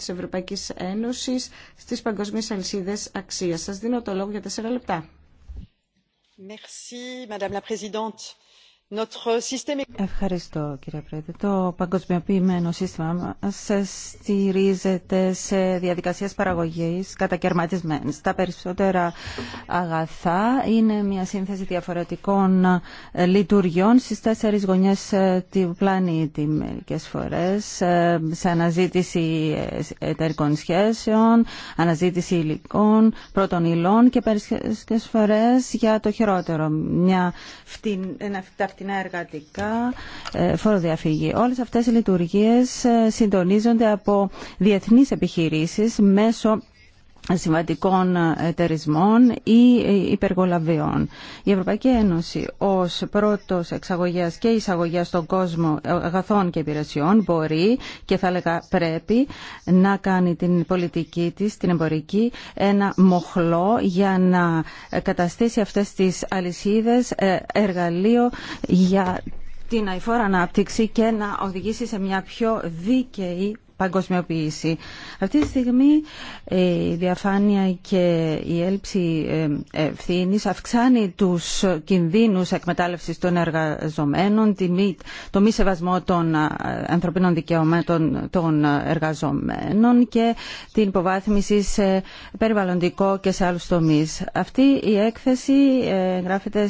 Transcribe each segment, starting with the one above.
της Ευρωπαϊκής Ένωσης στις παγκοσμίες αλυσίδες αξίας. Σας δίνω το λόγο για τέσσερα λεπτά. Merci, Madame la Présidente. Ευχαριστώ κύριε Πρόεδρε. Το παγκοσμιοποιημένο σύστημα μας στηρίζεται σε διαδικασίες παραγωγής κατακαιρματισμένες. Τα περισσότερα αγαθά είναι μια σύνθεση διαφορετικών λειτουργιών στις τέσσερις γωνιές ε, του πλανήτη μερικές φορές, ε, σε αναζήτηση εταιρικών σχέσεων, αναζήτηση υλικών, πρώτων υλών και περισσότερες φορές για το χειρότερο. Μια κοινά εργατικά, ε, φοροδιαφύγη. Όλες αυτές οι λειτουργίες ε, συντονίζονται από διεθνείς επιχειρήσεις μέσω συμβατικών εταιρισμών ή υπεργολαβιών. Η Ευρωπαϊκή Ένωση ως πρώτος εξαγωγέας και εισαγωγέας στον κόσμο αγαθών και υπηρεσιών μπορεί και θα λέγα πρέπει να κάνει την πολιτική της, την εμπορική, ένα μοχλό για να καταστήσει αυτές τις αλυσίδες ε, εργαλείο για την αηφόρα ανάπτυξη και να οδηγήσει σε μια πιο δίκαιη παγκοσμιοποίηση. Αυτή τη στιγμή ε, η διαφάνεια και η έλψη ε, ευθύνη αυξάνει τους κινδύνους εκμετάλλευσης των εργαζομένων, το μη σεβασμό των ε, ανθρωπίνων δικαιωμάτων των εργαζομένων και την υποβάθμιση σε περιβαλλοντικό και σε άλλους τομείς. Αυτή η έκθεση γράφεται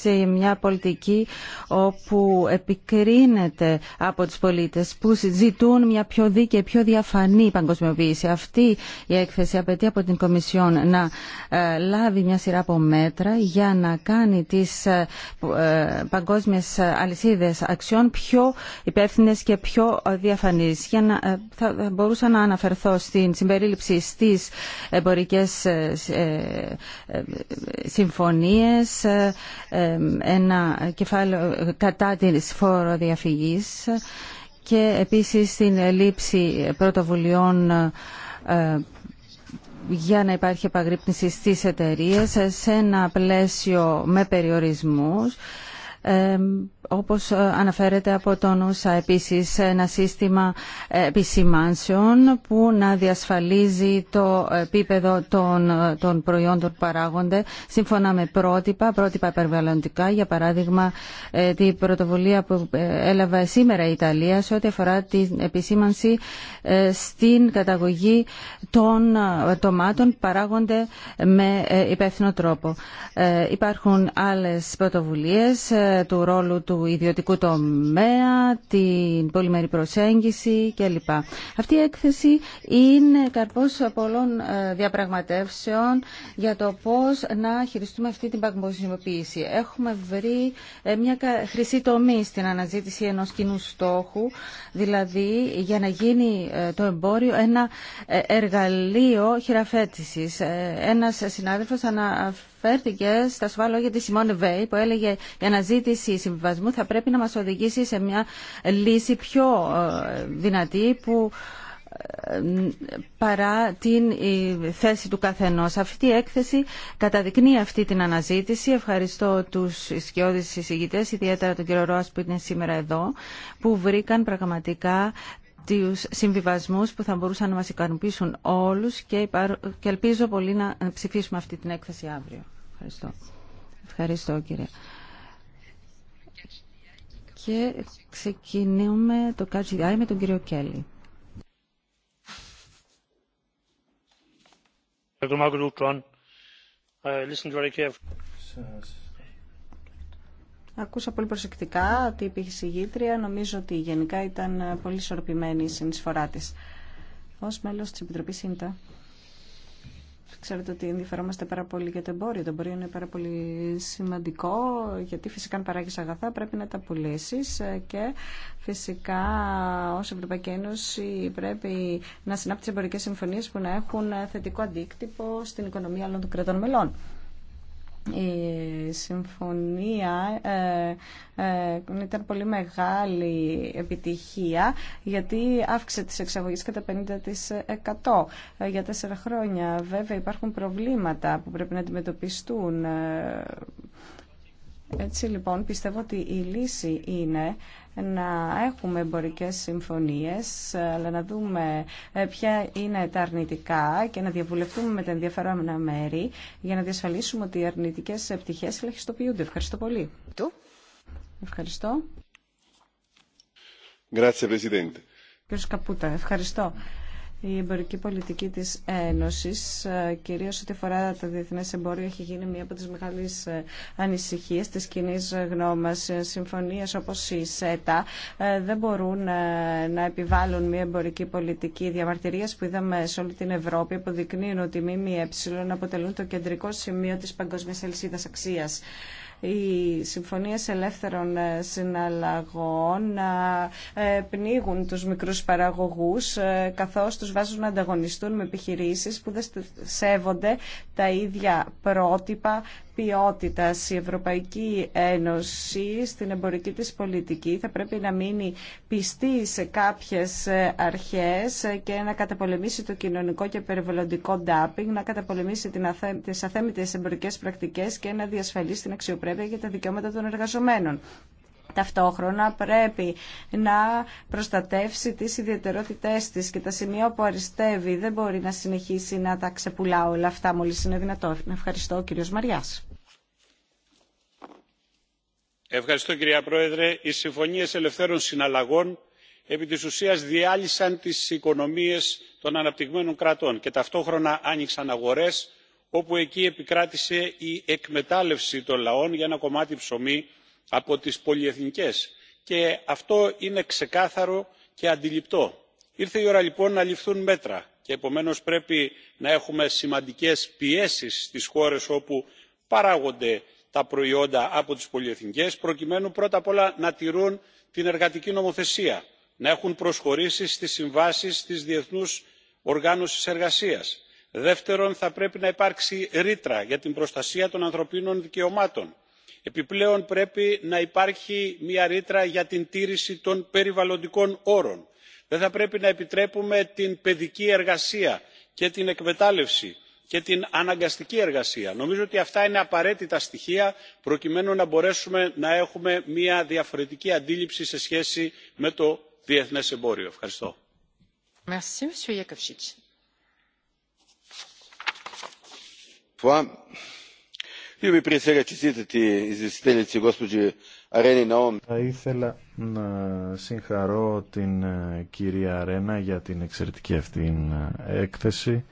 σε μια πολιτική όπου επικρίνεται από τους πολίτες που ζητούν μια πιο δίκαιη, πιο διαφανή παγκοσμιοποίηση. Αυτή η έκθεση απαιτεί από την Κομισιόν να ε, λάβει μια σειρά από μέτρα για να κάνει τις ε, ε, παγκόσμιες αλυσίδες αξιών πιο υπεύθυνε και πιο διαφανείς. Για να, θα, μπορούσα να αναφερθώ στην συμπερίληψη στις εμπορικές συμφωνίες, ένα κεφάλαιο κατά της φοροδιαφυγής και επίσης την λήψη πρωτοβουλειών ε, για να υπάρχει επαγρύπνηση στις εταιρείες σε ένα πλαίσιο με περιορισμούς όπως ε, αναφέρεται από τον ΟΣΑ επίσης ένα σύστημα ε, επισημάνσεων που να διασφαλίζει το επίπεδο των, ε, των προϊόντων που παράγονται σύμφωνα με πρότυπα, πρότυπα περιβαλλοντικά για παράδειγμα την πρωτοβουλία που έλαβε σήμερα η Ιταλία σε ό,τι αφορά την επισήμανση στην καταγωγή των τομάτων που παράγονται με υπεύθυνο τρόπο. Υπάρχουν άλλες πρωτοβουλίες του ρόλου του ιδιωτικού τομέα, την πολυμερή προσέγγιση κλπ. Αυτή η έκθεση είναι καρπός πολλών ε, διαπραγματεύσεων για το πώς να χειριστούμε αυτή την παγκοσμιοποίηση. Έχουμε βρει ε, μια χρυσή τομή στην αναζήτηση ενός κοινού στόχου, δηλαδή για να γίνει ε, το εμπόριο ένα εργαλείο χειραφέτησης. Ένας συνάδελφος αναφέρθηκε στα σφάλω για τη Σιμόνε που έλεγε συζήτηση συμβιβασμού θα πρέπει να μας οδηγήσει σε μια λύση πιο ε, δυνατή που ε, παρά την θέση του καθενός. Αυτή η έκθεση καταδεικνύει αυτή την αναζήτηση. Ευχαριστώ τους ισχυώδεις συζητητές, ιδιαίτερα τον κύριο Ρώας που είναι σήμερα εδώ, που βρήκαν πραγματικά τους συμβιβασμούς που θα μπορούσαν να μας ικανοποιήσουν όλους και, και ελπίζω πολύ να ψηφίσουμε αυτή την έκθεση αύριο. Ευχαριστώ. Ευχαριστώ κύριε. Και ξεκινούμε το KGI με τον κύριο Κέλλη. Ακούσα πολύ προσεκτικά ότι υπήρχε συγγήτρια. Νομίζω ότι γενικά ήταν πολύ ισορροπημένη η συνεισφορά της. Ως μέλος της Επιτροπής ΣΥΝΤΑ Ξέρετε ότι ενδιαφερόμαστε πάρα πολύ για το εμπόριο. Το εμπόριο είναι πάρα πολύ σημαντικό, γιατί φυσικά αν παράγει αγαθά πρέπει να τα πουλήσει και φυσικά ω Ευρωπαϊκή Ένωση πρέπει να συνάπτει εμπορικέ συμφωνίε που να έχουν θετικό αντίκτυπο στην οικονομία όλων των κρατών μελών η συμφωνία ε, ε, ήταν πολύ μεγάλη επιτυχία γιατί αύξησε τις εξαγωγές κατά 50% ε, για τέσσερα χρόνια. Βέβαια υπάρχουν προβλήματα που πρέπει να αντιμετωπιστούν έτσι λοιπόν πιστεύω ότι η λύση είναι να έχουμε εμπορικέ συμφωνίες αλλά να δούμε ε, ποια είναι τα αρνητικά και να διαβουλευτούμε με τα ενδιαφέροντα μέρη για να διασφαλίσουμε ότι οι αρνητικές επιτυχίες ελαχιστοποιούνται. Ευχαριστώ πολύ. Ευχαριστώ. Καπούτα, ευχαριστώ. Η εμπορική πολιτική της Ένωσης, ε, κυρίως ό,τι αφορά το διεθνές εμπόριο, έχει γίνει μία από τις μεγάλες ε, ανησυχίες της κοινή γνώμας. Ε, συμφωνίες όπως η ΣΕΤΑ δεν μπορούν να επιβάλλουν μία εμπορική πολιτική. Διαμαρτυρίες που είδαμε σε όλη την Ευρώπη αποδεικνύουν ότι οι ΜΜΕ αποτελούν το κεντρικό σημείο της παγκόσμιας αλυσίδα αξίας οι συμφωνίες ελεύθερων ε, συναλλαγών ε, ε, πνίγουν τους μικρούς παραγωγούς καθώς τους βάζουν να ανταγωνιστούν με επιχειρήσεις που δεν σέβονται τα ίδια πρότυπα ποιότητας η Ευρωπαϊκή Ένωση στην εμπορική της πολιτική θα πρέπει να μείνει πιστή σε κάποιες αρχές και να καταπολεμήσει το κοινωνικό και περιβαλλοντικό ντάπινγκ, να καταπολεμήσει τις αθέμητες εμπορικές πρακτικές και να διασφαλίσει την αξιοπρέπεια για τα δικαιώματα των εργαζομένων. Ταυτόχρονα πρέπει να προστατεύσει τις ιδιαιτερότητές της και τα σημεία που αριστεύει δεν μπορεί να συνεχίσει να τα ξεπουλά όλα αυτά μόλις είναι δυνατό. Ευχαριστώ κύριος Μαριάς. Ευχαριστώ κυρία Πρόεδρε. Οι συμφωνίες ελευθέρων συναλλαγών επί της ουσίας διάλυσαν τις οικονομίες των αναπτυγμένων κρατών και ταυτόχρονα άνοιξαν αγορές όπου εκεί επικράτησε η εκμετάλλευση των λαών για ένα κομμάτι ψωμί από τις πολυεθνικές και αυτό είναι ξεκάθαρο και αντιληπτό. ήρθε η ώρα λοιπόν να ληφθούν μέτρα και επομένως πρέπει να έχουμε σημαντικές πιέσεις στις χώρες όπου παράγονται τα προϊόντα από τις πολυεθνικές προκειμένου πρώτα απ' όλα να τηρούν την εργατική νομοθεσία να έχουν προσχωρήσει στις συμβάσεις της διεθνούς οργάνωσης εργασίας. δεύτερον θα πρέπει να υπάρξει ρήτρα για την προστασία των ανθρωπίνων δικαιωμάτων επιπλέον πρέπει να υπάρχει μια ρήτρα για την τήρηση των περιβαλλοντικών όρων. δεν θα πρέπει να επιτρέπουμε την παιδική εργασία και την εκμετάλλευση και την αναγκαστική εργασία. νομίζω ότι αυτά είναι απαραίτητα στοιχεία προκειμένου να μπορέσουμε να έχουμε μια διαφορετική αντίληψη σε σχέση με το διεθνές εμπόριο. ευχαριστώ htio bih prije svega čestitati izvjestiteljici gospođi Θα ήθελα να συγχαρώ την ε, κυρία Αρένα για την εξαιρετική αυτή ε, έκθεση.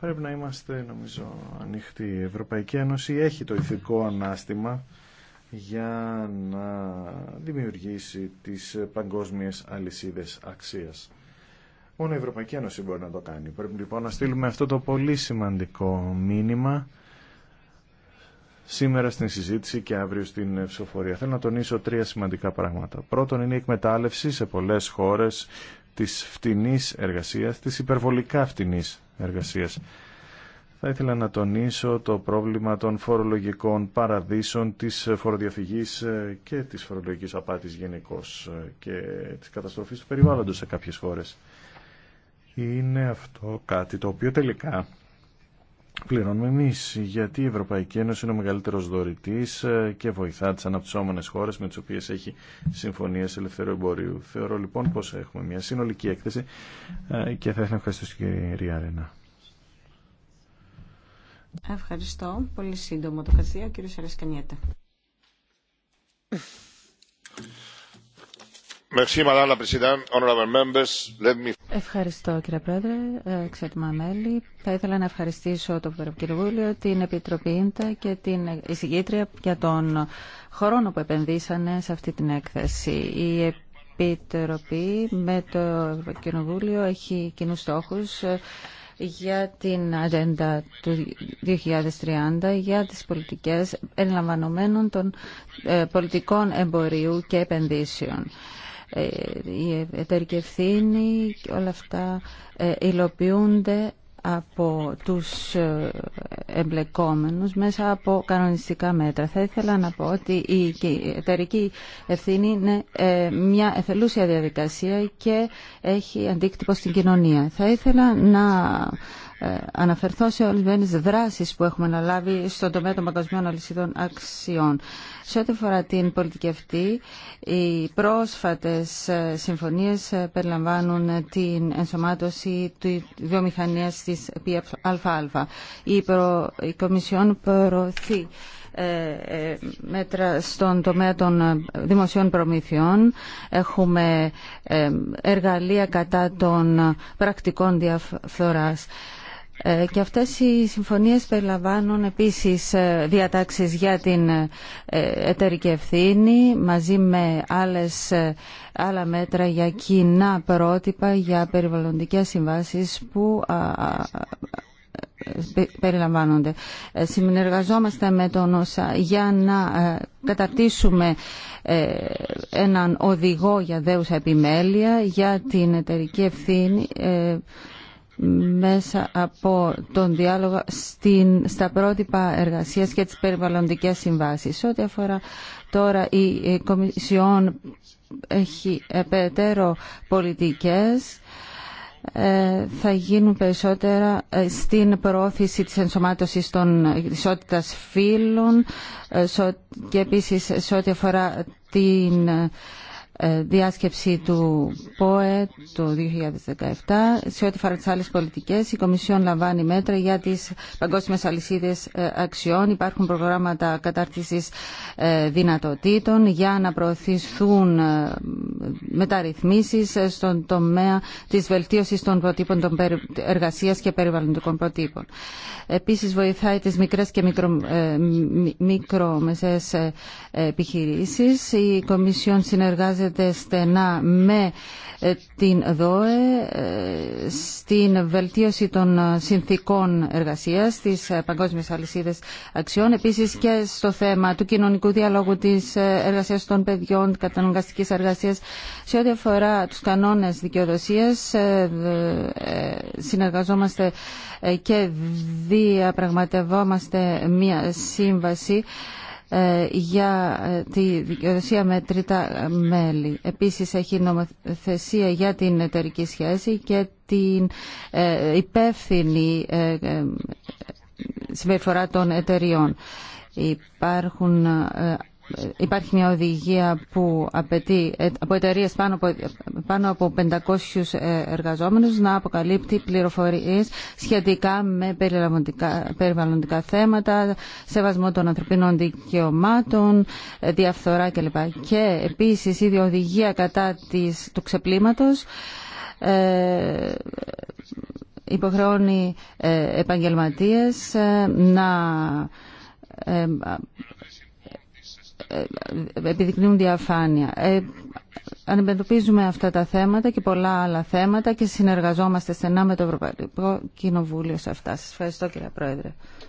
Πρέπει να είμαστε νομίζω ανοιχτοί. Η Ευρωπαϊκή Ένωση έχει το ηθικό ανάστημα για να δημιουργήσει τις παγκόσμιες αλυσίδες αξίας. Μόνο η Ευρωπαϊκή Ένωση μπορεί να το κάνει. Πρέπει λοιπόν να στείλουμε αυτό το πολύ σημαντικό μήνυμα σήμερα στην συζήτηση και αύριο στην ψηφοφορία. Θέλω να τονίσω τρία σημαντικά πράγματα. Πρώτον είναι η εκμετάλλευση σε πολλές χώρες της φτηνής εργασίας, της υπερβολικά φτηνής εργασίας. Θα ήθελα να τονίσω το πρόβλημα των φορολογικών παραδείσων, της φοροδιαφυγής ε, και της φορολογικής απάτης γενικώ ε, και της καταστροφής του περιβάλλοντος σε κάποιες χώρες. Είναι αυτό κάτι το οποίο τελικά πληρώνουμε εμείς, γιατί η Ευρωπαϊκή Ένωση είναι ο μεγαλύτερος δωρητής ε, και βοηθά τις αναπτυσσόμενες χώρες με τις οποίες έχει συμφωνίες ελευθερού εμπορίου. Θεωρώ λοιπόν πως έχουμε μια συνολική έκθεση ε, και θα ήθελα να ευχαριστήσω την κυρία Ρένα. Ευχαριστώ. Πολύ σύντομο το ευχαριστώ. Ο Ευχαριστώ κύριε Πρόεδρε, εξαιρετικά μέλη. Θα ήθελα να ευχαριστήσω το Ευρωκοινοβούλιο, την Επιτροπή Ίντα και την εισηγήτρια για τον χρόνο που επενδύσανε σε αυτή την έκθεση. Η Επιτροπή με το Ευρωκοινοβούλιο έχει κοινούς στόχους για την ατζέντα του 2030 για τις πολιτικές, ενλαμβανομένων των ε, πολιτικών εμπορίου και επενδύσεων η ε, εταιρική ευθύνη και όλα αυτά ε, υλοποιούνται από τους ε, εμπλεκόμενους μέσα από κανονιστικά μέτρα. Θα ήθελα να πω ότι η εταιρική ευθύνη είναι μια εθελούσια διαδικασία και έχει αντίκτυπο στην κοινωνία. Θα ήθελα να ε, αναφερθώ σε τις δράσει που έχουμε αναλάβει στον τομέα των παγκοσμίων αλυσίδων αξιών. Σε ό,τι αφορά την πολιτική αυτή, οι πρόσφατες ε, συμφωνίε ε, περιλαμβάνουν την ενσωμάτωση τη βιομηχανία της ΠΑΑ. Η, η Κομισιόν προωθεί μέτρα στον τομέα των δημοσίων προμήθειών. Έχουμε εργαλεία κατά των πρακτικών διαφθοράς. Ε, και αυτές οι συμφωνίες περιλαμβάνουν επίσης ε, διατάξεις για την ε, εταιρική ευθύνη μαζί με άλλες, άλλα μέτρα για κοινά πρότυπα για περιβαλλοντικές συμβάσεις που περιλαμβάνονται. Συνεργαζόμαστε με τον ΩΣΑ για να καταρτήσουμε έναν οδηγό για δέουσα επιμέλεια για την εταιρική ευθύνη μέσα από τον διάλογο στην, στα πρότυπα εργασίας και τις περιβαλλοντικές συμβάσεις. Ό,τι αφορά τώρα η Κομισιόν έχει ε, περαιτέρω πολιτικές ε, θα γίνουν περισσότερα ε, στην προώθηση της ενσωμάτωσης των ισότητας φύλων και επίσης σε ό,τι αφορά την ε, διάσκεψη του ΠΟΕ το 2017 σε ό,τι φορά τι άλλε πολιτικέ. Η Κομισιόν λαμβάνει μέτρα για τι παγκόσμιε αλυσίδε ε, αξιών. Υπάρχουν προγράμματα κατάρτιση ε, δυνατοτήτων για να προωθηθούν μεταρρυθμίσει στον τομέα τη βελτίωση των προτύπων των εργασία και περιβαλλοντικών προτύπων. Επίση, βοηθάει τι μικρέ και μικρο, μικρομεσαίε επιχειρήσει. Η Κομισιόν συνεργάζεται στενά με ε, την ΔΟΕ ε, στην βελτίωση των ε, συνθήκων εργασίας της Παγκόσμιας Αλυσίδας αξιών, επίσης και στο θέμα του κοινωνικού διαλόγου της εργασίας των παιδιών, καταναγκαστικής εργασίας. Σε ό,τι αφορά τους κανόνες δικαιοδοσίας, συνεργαζόμαστε και διαπραγματευόμαστε μία σύμβαση ε, για ε, τη δικαιοδοσία με τρίτα μέλη. Επίσης έχει νομοθεσία για την εταιρική σχέση και την ε, υπεύθυνη συμπεριφορά των εταιριών. Υπάρχουν Υπάρχει μια οδηγία που απαιτεί από εταιρείε πάνω, από, πάνω από 500 ε, εργαζόμενους να αποκαλύπτει πληροφορίες σχετικά με περιβαλλοντικά θέματα, σεβασμό των ανθρωπίνων δικαιωμάτων, ε, διαφθορά κλπ. Και επίσης η οδηγία κατά της, του ξεπλήματος ε, υποχρεώνει επαγγελματίες να επιδεικνύουν διαφάνεια. Ε, αντιμετωπίζουμε αυτά τα θέματα και πολλά άλλα θέματα και συνεργαζόμαστε στενά με το Ευρωπαϊκό Κοινοβούλιο σε αυτά. Σας ευχαριστώ κύριε Πρόεδρε.